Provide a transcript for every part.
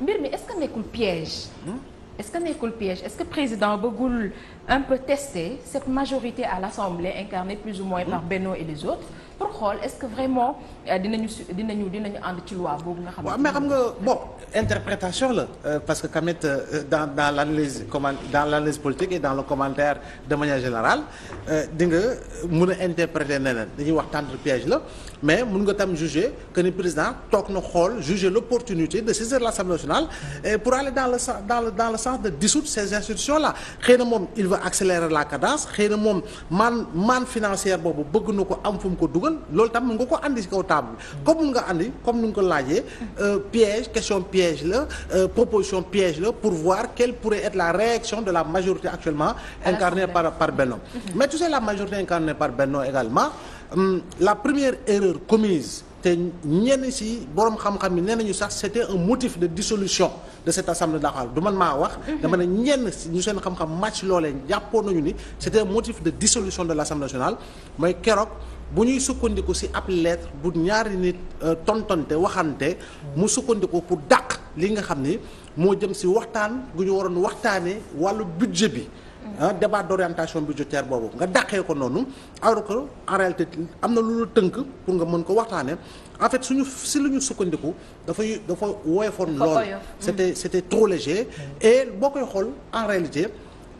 mbir mi est-ce que nekkul piège. Hmm? est-ce que nekkul piège est-ce que président bëggul un peu tester cette majorité à l'Assemblée incarnée plus ou moins par mm. Benno et les autres pour xool est-ce que vraiment euh, dina su dinañu dinañu ànd ci loi boobu nga xam ne. xam nga bon interprétation la. Euh, parce que quand euh, même dans dans l'analyse comment dans l'analyse politique et dans le commentaire de manière générale di nga mën a interpréter neneen dañuy wax tendre piège la mais mun nga tam juger que ne président toog na xool juger l'opportunité de saisir l'Assemblée nationale sens de dissoudre ces institutions là xëy na moom il veut accélérer la cadence xëy na moom man man financière boobu bëgg na ko am fu mu ko dugal loolu tam mu nga ko indi si kaw table bi comme mun nga indi comme ni nga ko laajee euh, piège question piège la euh, proposition piège la pour voir quelle pourrait être la réaction de la majorité actuellement incarnée par par Benno mhm. mais tu sais la majorité incarnée par Benno également la première erreur commise te ñenn si borom xam-xam yi nee nañu sax c'était un motif de dissolution de cette assemblée nationale du man maa wax. Mhm. dama ne ñenn si ñu seen xam-xam match loolee jàppoon nañu ni c'était un motif de dissolution de l'assemblée nationale mooy keroog. bu ñuy sukkandiku ci ab lettre bu ñaari nit euh, tontonte waxante mu sukkandiku pour dàq li nga xam ni moo jëm ci waxtaan gu ñu waroon waxtaanee wàllu budget bi débat d'orientation budgétaire boobu nga dàqee ko noonu alors que en réalité am na lu la tënk pour nga mën ko waxtaanee en fait suñu si lu ñu sukkandiku dafay dafa woyofoon lool mm-hmm. c'était c'était trop léger et boo koy xool en réalité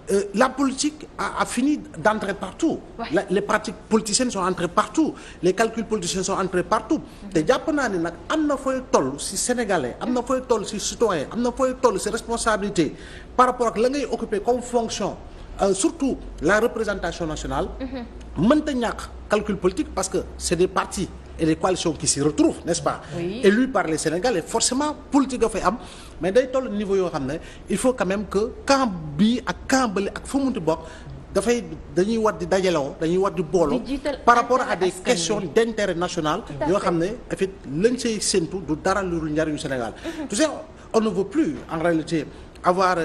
Euh, la politique a, a fini d'entrer partout ouais. la, les pratiques politiciennes sont entrées partout les calculs politiciens sont entrés partout mm-hmm. te jàpp naa ni nag am na fooy toll ci sénégalais am na fooy toll ci citoyen am na fooy toll ci responsabilité par rapport la ngay occuper comme fonction Euh, surtout la représentation nationale mm-hmm. mënta ñàkk calcul politique parce que c'est des partis et des coalitions qui s'y retrouvent n'est-ce pas oui. élu par les forcément politique dafay am mais day toll niveau yoo xam ne il faut quand même que camp bi ak camp bale ak fu munti bokk dafay dañuy war di dajaloo dañuy war di booloo par rapport à des questions d'intérêt national yoo xam ne en fait lañ say séntu du dara lu njariñu Sénégal mm-hmm. tu sais on ne veut plus en réalité avoir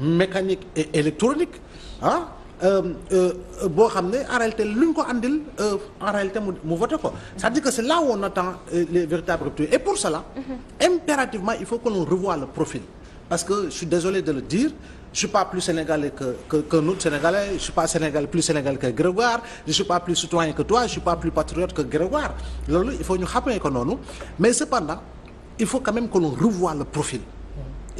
mécanique et électronique ah euh, euh, boo xam ne en réalité lu ñu ko andil euh, en réalité mu mu voté ko c'est-à-dire que c'est là où on attend les véritables ruptures et pour cela mhm. impérativement il faut que l'on revoie le profil parce que je suis désolé de le dire je suis pas plus sénégalais que que qu'un autre pas sénégalais plus sénégalais que Grégoire je pas plus citoyen que toi je pas plus patriote que Grégoire loolu il faut ñu xamee ko noonu mais cependant il faut quand même que l'on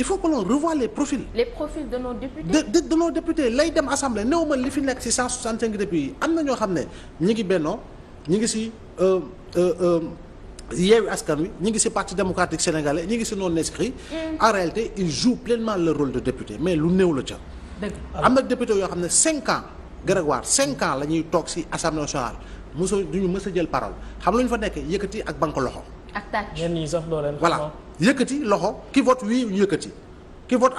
il faut que l'on revoie les profils. les profils de nos députés. de de, de nos députés lay dem assemblée néew ma li fi nekk ci 165 députés yi am na ñoo xam ne ñi ngi bennoo ñi ngi ci euh, euh, euh, yeewu askan wi ñi ngi ci parti démocratique sénégalais ñi ngi ci non inscrit mm. en réalité ils jouent pleinement leur rôle de député mais lu néew la ca. am na député yoo xam ne 5 ans. Grégoire 5 ans la ñuy toog ci assemblée nationale mosoo du ñu mës a jël parole xam lu ñu fa nekk yëkkati ak banque loxo. ak tàcc ñenn ñi sax doo leen. voilà yëkkati loxo ki vote oui ñu yëkkati. ki vote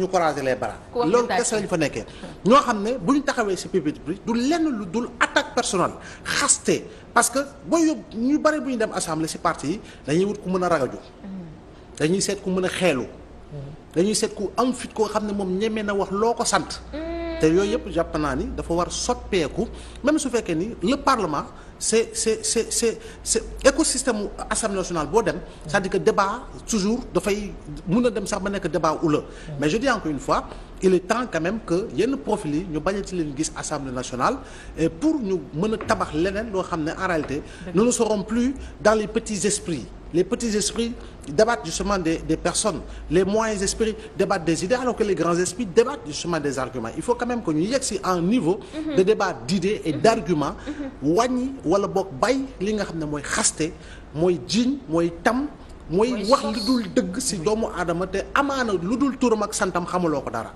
ñu croiser les bras. loolu kese la ñu fa nekkee. ñoo xam ne bu ñu taxawee si public bi du lenn lu dul attaque personnelle xaste parce que boo yóbbu ñu bari bu ñu dem assemblée si parti yi dañuy wut ku mën a ragaju. Mm-hmm. dañuy seet ku mën a xeelu. Mm-hmm. dañuy seet ku am fit koo xam ne moom ñemee na wax loo ko sant. Mm-hmm. te yooyu yëpp jàpp naa ni dafa war soppeeku même su fekkee ni le parlement c'est c'est c'est c'est c'est écosystème mu assemblée nationale boo dem c'est-à-dire que débat toujours dafay mun a dem sax ba nekk débat ula mais je encore une fois il est temps quand même que yenn profil yi ñu bañati leen gis assemblée nationale et pour ñu mën a tabax leneen loo xam ne en réalité nous ne serons plus dans les petits esprits les petits esprits débattent justement des des personnes les moyens esprits débattent des idées alors que les grands esprits débattent justement des arguments il faut quand même que ñu yegg si un niveau mhm. de débat d'idées et mhm. d'arguments mhm. wàññi wala boog bay li nga xam ne mooy xaste mooy jiiñ mooy tam mooy wax lu dëgg ci doomu aadama te amaana lu dul turam ak santam xamuloo ko dara